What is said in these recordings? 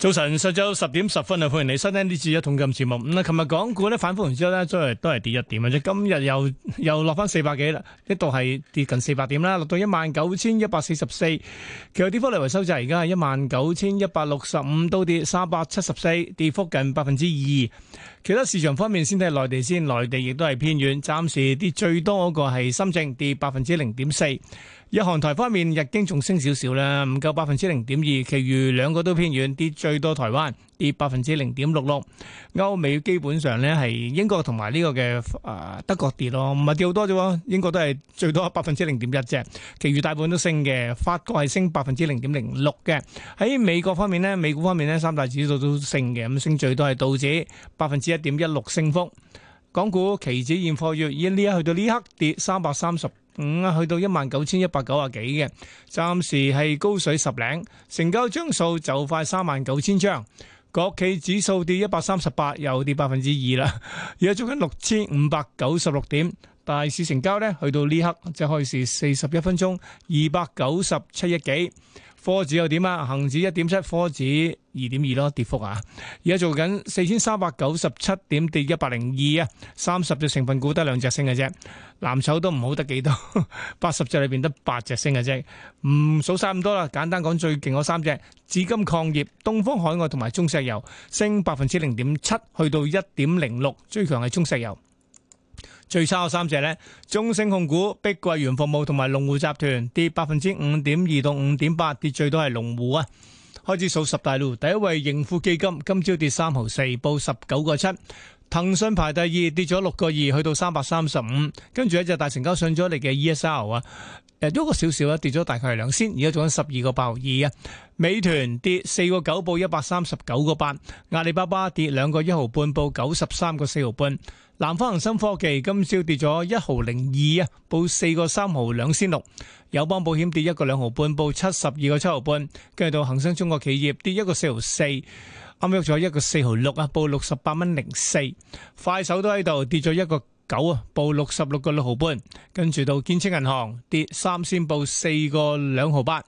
早晨，上晝十點十分啊，歡迎你收聽呢次一統金節目。咁、嗯、啊，琴日港股咧反覆完之後咧，周都係都係跌一點嘅啫。今日又又落翻四百幾啦，一度係跌近四百點啦，落到一萬九千一百四十四。其實跌幅嚟維修就係，而家係一萬九千一百六十五，都跌三百七十四，跌幅近百分之二。其他市場方面先睇內地先，內地亦都係偏軟，暫時跌最多嗰個係深圳，跌百分之零點四。日韓台方面，日經仲升少少啦，唔夠百分之零點二，其餘兩個都偏軟，跌最多台灣。跌百分之零點六六，歐美基本上咧係英國同埋呢個嘅誒德國跌咯，唔係跌好多啫。英國都係最多百分之零點一啫，其餘大部分都升嘅。法國係升百分之零點零六嘅。喺美國方面咧，美股方面咧，三大指數都升嘅，咁升最多係道指百分之一點一六升幅。港股期指現貨月已經呢一去到呢刻跌三百三十五啊，去到一萬九千一百九啊幾嘅，暫時係高水十零，成交張數就快三萬九千張。國企指數跌一百三十八，又跌百分之二啦，而家做緊六千五百九十六點。大市成交咧，去到呢刻即係開市四十一分鐘，二百九十七億幾。科指又點啊？恆指一點七，科指二點二咯，跌幅啊！而家做緊四千三百九十七點跌一百零二啊，三十隻成分股得兩隻升嘅啫，藍籌都唔好得幾多，八十隻裏邊得八隻升嘅啫。唔數曬咁多啦，簡單講最勁嗰三隻：紫金礦業、東方海外同埋中石油，升百分之零點七，去到一點零六。最強係中石油。最差嘅三隻呢，中升控股、碧桂園服務同埋龍湖集團跌百分之五點二到五點八，跌最多係龍湖啊！開始數十大路，第一位盈富基金，今朝跌三毫四，報十九個七。騰訊排第二，跌咗六個二，去到三百三十五，跟住一隻大成交上咗嚟嘅 ESR 啊，誒，咗個少少啊，跌咗大概係兩仙，而家仲有十二個八毫二啊。美團跌四個九，報一百三十九個八。阿里巴巴跌兩個一毫半，報九十三個四毫半。南方恒生科技今朝跌咗一毫零二啊，報四個三毫兩仙六。友邦保險跌一個兩毫半，報七十二個七毫半。跟住到恒生中國企業跌一個四毫四。啱喐咗一個四毫六啊，剛剛剛剛 46, 報六十八蚊零四。快手都喺度跌咗一個九啊，報六十六個六毫半。跟住到建設銀行跌三仙，報四個兩毫八。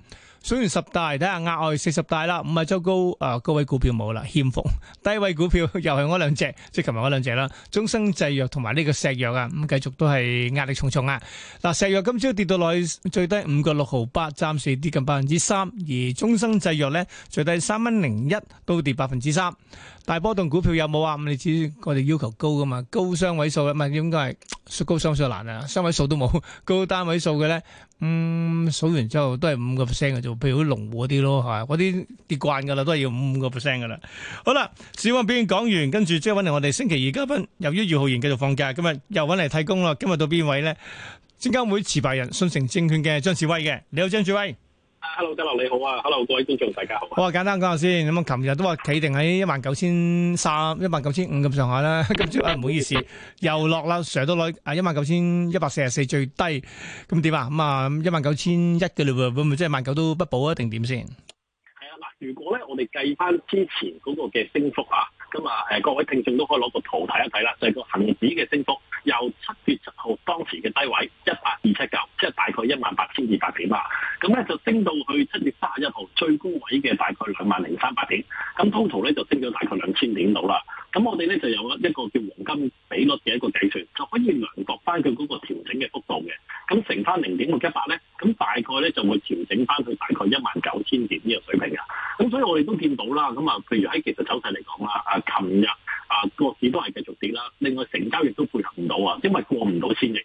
選完十大，睇下額外四十大啦，五日周高誒高位股票冇啦。謙福低位股票又係嗰兩隻，即係琴日嗰兩隻啦，中生製藥同埋呢個石藥啊，咁繼續都係壓力重重啊！嗱，石藥今朝跌到落去最低五個六毫八，暫時跌近百分之三，而中生製藥咧最低三蚊零一都跌百分之三，大波動股票有冇啊？咁你知我哋要求高噶嘛，高雙位數啊嘛，應該係。高雙數難啊，三位數都冇，高單位數嘅咧，嗯，數完之後都係五個 percent 嘅啫，譬如啲龍湖啲咯，係嗰啲跌慣噶啦，都係要五五個 percent 噶啦。好啦，小温表演講完，跟住即係搵嚟我哋星期二嘉賓，由於俞浩然繼續放假，今日又搵嚟睇工啦。今日到邊位咧？證監會持牌人信誠證券嘅張智威嘅，你好，張智威。hello，德樂你好啊，hello，各位觀眾大家好。我話簡單講下先，咁啊，琴日都話企定喺一萬九千三、一萬九千五咁上下啦，今朝啊，唔好意思，又落啦，成日都攞啊，一萬九千一百四十四最低，咁點啊？咁啊，一萬九千一嘅嘞喎，會唔會即係萬九都不保啊？定點先？係啊，嗱，如果咧我哋計翻之前嗰個嘅升幅啊，咁啊，誒，各位聽眾都可以攞個圖睇一睇啦，就係個恒指嘅升幅由七點。就會調整翻佢大概一萬九千點呢個水平啊，咁所以我哋都見到啦，咁 啊樂，譬如喺技術走勢嚟講啦，啊， 琴日啊個市都係繼續跌啦，另外成交亦都配合唔到啊，因為過唔到千億。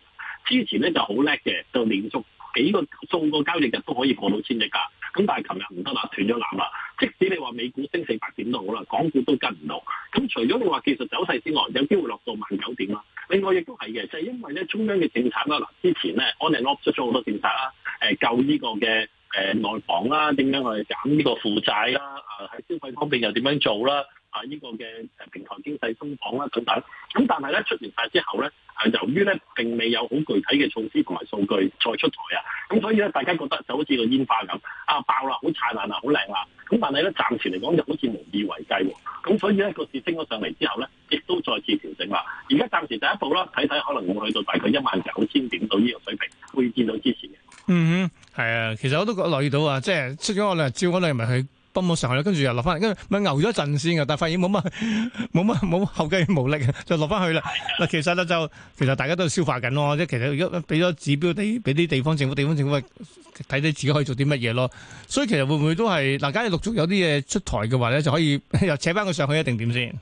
之前咧就好叻嘅，就連續幾個數個交易日都可以過到千億噶，咁但係琴日唔得啦，斷咗纜啦。即使你話美股升四百點都好啦，港股都跟唔到。咁除咗你話技術走勢之外，有機會落到萬九點啊？另外亦都係嘅，就係、是、因為咧中央嘅政策啦，嗱之前咧，安寧樂出咗好多政策啦，誒、呃、救呢個嘅誒內房啦，點樣去哋減呢個負債啦，誒、呃、喺消費方面又點樣做啦，啊、呃、呢、這個嘅誒平台經濟鬆綁啦，等等。咁但係咧出完曬之後咧，誒由於咧並未有好具體嘅措施同埋數據再出台啊，咁所以咧大家覺得就好似個煙花咁，啊爆啦，好燦爛啊，好靚啊！咁但係咧暫時嚟講就好似無以為繼喎。咁所以咧個市升咗上嚟之後咧。再次調整啦，而家暫時第一步啦，睇睇可能會去到大概一萬九千點到呢個水平，會見到之前嘅。嗯哼，係啊，其實我都覺留意到啊，即係出咗我兩招，可能又咪去奔波上去，跟住又落翻嚟，跟住咪牛咗陣先嘅，但係發現冇乜冇乜冇後繼無力，就落翻去啦。嗱的，其實咧就其實大家都消化緊咯，即係其實如果俾咗指標俾，俾啲地方政府、地方政府睇睇自己可以做啲乜嘢咯。所以其實會唔會都係嗱？假如陸續有啲嘢出台嘅話咧，就可以又 扯翻佢上去，一定點先？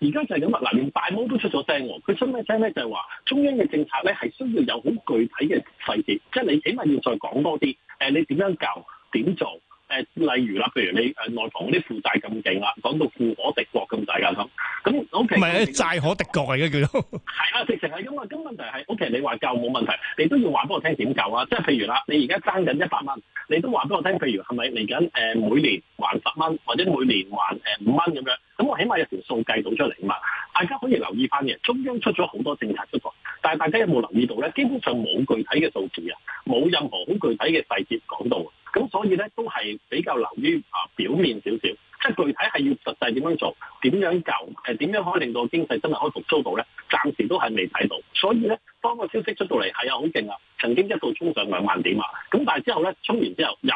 而家就係咁啊！嗱，連大摩都出咗聲喎。佢出咩聲咧？就係話中央嘅政策咧，係需要有好具體嘅細節，即係你起碼要再講多啲。誒、呃，你點樣救？點做？誒、呃，例如啦，譬如你誒、呃、內房啲負債咁勁啦，講到富可敵國咁大架咁。咁 OK 唔係債可敵國啊？而家叫做係啦，直情係咁啊！咁問題係 OK，你話救冇問題，你都要話俾我聽點救啊！即係譬如啦，你而家爭緊一百蚊。你都話俾我聽，譬如係咪嚟緊？誒每年還十蚊，或者每年還誒五蚊咁樣，咁我起碼有條數計到出嚟啊嘛！大家可以留意返嘅，中央出咗好多政策出嚟，但係大家有冇留意到咧？基本上冇具體嘅數字啊，冇任何好具體嘅細節講到，咁所以咧都係比較流於啊表面少少。即具體係要實際點樣做，點樣救，係、呃、點樣可以令到經濟真係可以復甦到咧？暫時都係未睇到，所以咧，當個消息出到嚟係啊好勁啊，曾經一度衝上兩萬點啊，咁但係之後咧，衝完之後又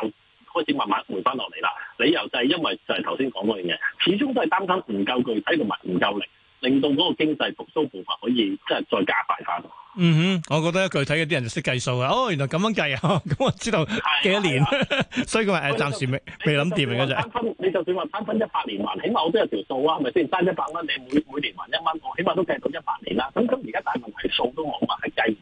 開始慢慢回翻落嚟啦。理由就係因為就係頭先講嗰樣嘢，始終都係擔心唔夠具體同埋唔夠力，令到嗰個經濟復甦步伐可以即係再加快翻。嗯哼，我覺得具體嗰啲人就識計數啊！哦，原來咁樣計啊，咁、哦嗯、我知道幾多年，啊、 所以佢話誒暫時未未諗掂嚟嘅就你就算話攤分一百分年還，起碼我都有條數啊，係咪先？單一百蚊，你每每年還一蚊，我起碼都計到一百年啦。咁咁而家大問題數都冇話係計唔。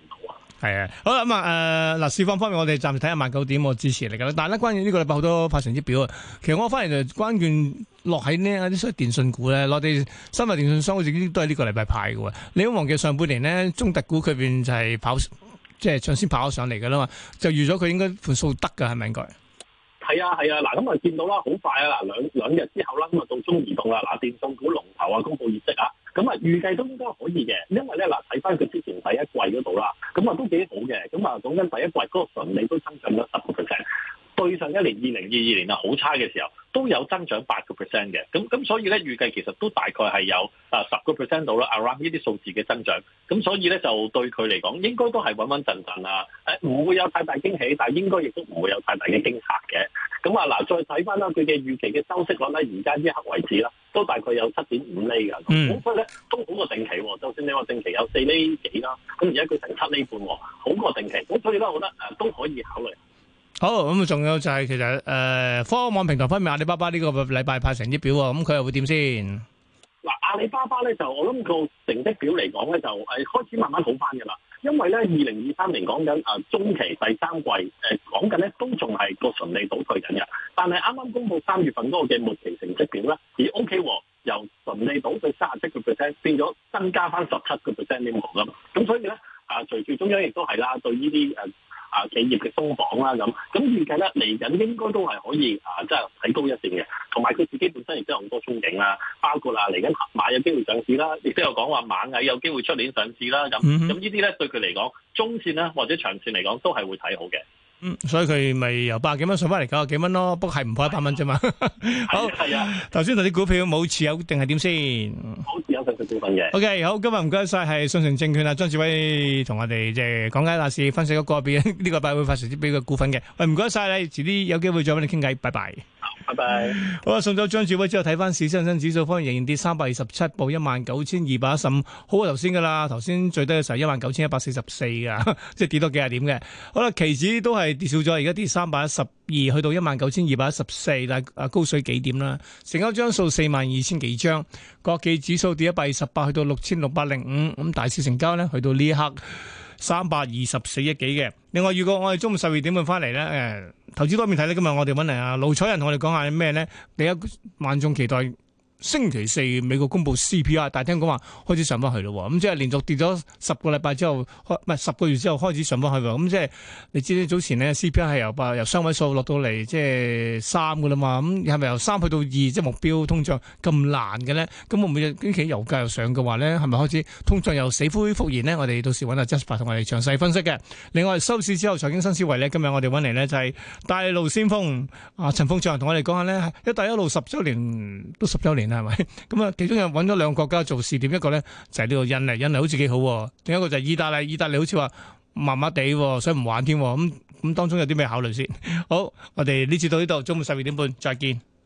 係啊，好啦，咁、呃、啊，誒，嗱，市況方面我暫看看，我哋暫時睇下萬九點支持嚟噶啦。但係咧，關於呢個禮拜好多派成績表啊，其實我反而就關鍵落喺呢啲，所謂電信股咧，內地三大電信商好似都係呢個禮拜派嘅。你都忘記上半年咧，中特股佢邊就係跑，即係搶先跑上嚟噶啦嘛，就預咗佢應該盤數得噶，係咪應該？係啊，係啊，嗱，咁啊，見到啦，好快啊，嗱，兩兩日之後啦，咁啊，到中移動啦，嗱，電信股龍頭啊，公布業績啊，咁啊，預計都應該可以嘅，因為咧，嗱，睇翻佢之前第一季嗰度啦。咁啊、嗯，都幾好嘅。咁、嗯、啊，講緊第一季嗰、那個純利都增長咗十個 percent，對上一年二零二二年啊，好差嘅時候都有增長八個 percent 嘅。咁咁、嗯嗯、所以咧，預計其實都大概係有啊十個 percent 到啦，around 呢啲數字嘅增長。咁、嗯、所以咧，就對佢嚟講，應該都係穩穩陣陣啊。誒，唔會有太大驚喜，但係應該亦都唔會有太大嘅驚嚇嘅。咁、嗯、啊，嗱、嗯，再睇翻啦，佢嘅預期嘅收息率咧，而家呢一刻為止啦。都大概有七點五厘噶，咁所以咧都好過定期。就算你話定期有四厘幾啦，咁而家佢成七厘半，好過定期。咁所以咧，我覺得都可以考慮。好，咁、嗯、啊，仲有就係、是、其實誒、呃，科網平台方面、嗯啊，阿里巴巴呢個禮拜派成績表喎，咁佢又會點先？嗱，阿里巴巴咧就我諗個成績表嚟講咧，就誒、嗯、開始慢慢好翻噶啦。因為咧，二零二三年講緊啊中期第三季，誒講緊咧都仲係個純利倒退緊嘅。但係啱啱公布三月份嗰個嘅末期成績表咧，而 O K 喎，由純利倒退三十七個 percent 變咗增加翻十七個 percent level 咁所以咧啊，隨住中央亦都係啦，對呢啲誒。啊啊！企業嘅鬆綁啦，咁咁預計咧嚟緊應該都係可以啊，即係睇高一線嘅，同埋佢自己本身亦都有好多憧憬啦，包括啊嚟緊買有機會上市啦，亦都有講話螞蟻有機會出年上市啦，咁、啊、咁呢啲咧對佢嚟講，中線啦或者長線嚟講都係會睇好嘅。嗯，所以佢咪由八十幾蚊上翻嚟九十幾蚊咯，不過係唔破一百蚊啫嘛。的 好，係啊。頭先嗰啲股票冇持有定係點先？冇持有嗰隻股份嘅。O、okay, K，好，今日唔該晒，係信誠證券啊，張智威同我哋即係講解大市，分析嗰個別呢 個板塊，發成啲比較股份嘅。喂，唔該晒你遲啲有機會再搵你傾偈。拜拜。拜拜。好啦，送咗張智威之後，睇翻市，場市場，恒生指數方面仍然跌 27, 5,，三百二十七點，一萬九千二百一十五。好過頭先噶啦，頭先最低嘅時候一萬九千一百四十四噶， 即係跌多幾廿點嘅。好啦，期指都係跌少咗，而家跌三百一十二，去到一萬九千二百一十四，但係，啊高水幾點啦？成交張數四萬二千幾張，國企指數跌一百二十八，去到六千六百零五。咁大市成交呢，去到呢一刻三百二十四億幾嘅。另外，如果我哋中午十二點去翻嚟咧，誒、嗯。投資多面睇咧，今日我哋揾嚟啊，盧彩人同我哋講下啲咩咧？第一，萬眾期待。星期四美國公布 CPI，但係聽講話開始上翻去咯，咁即係連續跌咗十個禮拜之後，唔係十個月之後開始上翻去喎。咁即係你知早前呢 CPI 係由由雙位數落到嚟即係三噶啦嘛，咁係咪由三去到二即係目標通脹咁難嘅咧？咁唔唔，近期油價又上嘅話咧，係咪開始通脹又死灰復燃呢？我哋到時揾阿 Jasper 同我哋詳細分析嘅。另外收市之後財經新思維咧，今日我哋揾嚟呢就係大陸先鋒阿陳鋒俊同我哋講下呢，一帶一路十週年都十週年。係咪？咁啊，其中又揾咗兩個國家做試點，一個咧就係呢個印尼，印尼好似幾好，另一個就係意大利，意大利好似話麻麻地，所以唔玩添。咁咁當中有啲咩考慮先？好，我哋呢次到呢度中午十二點半再見。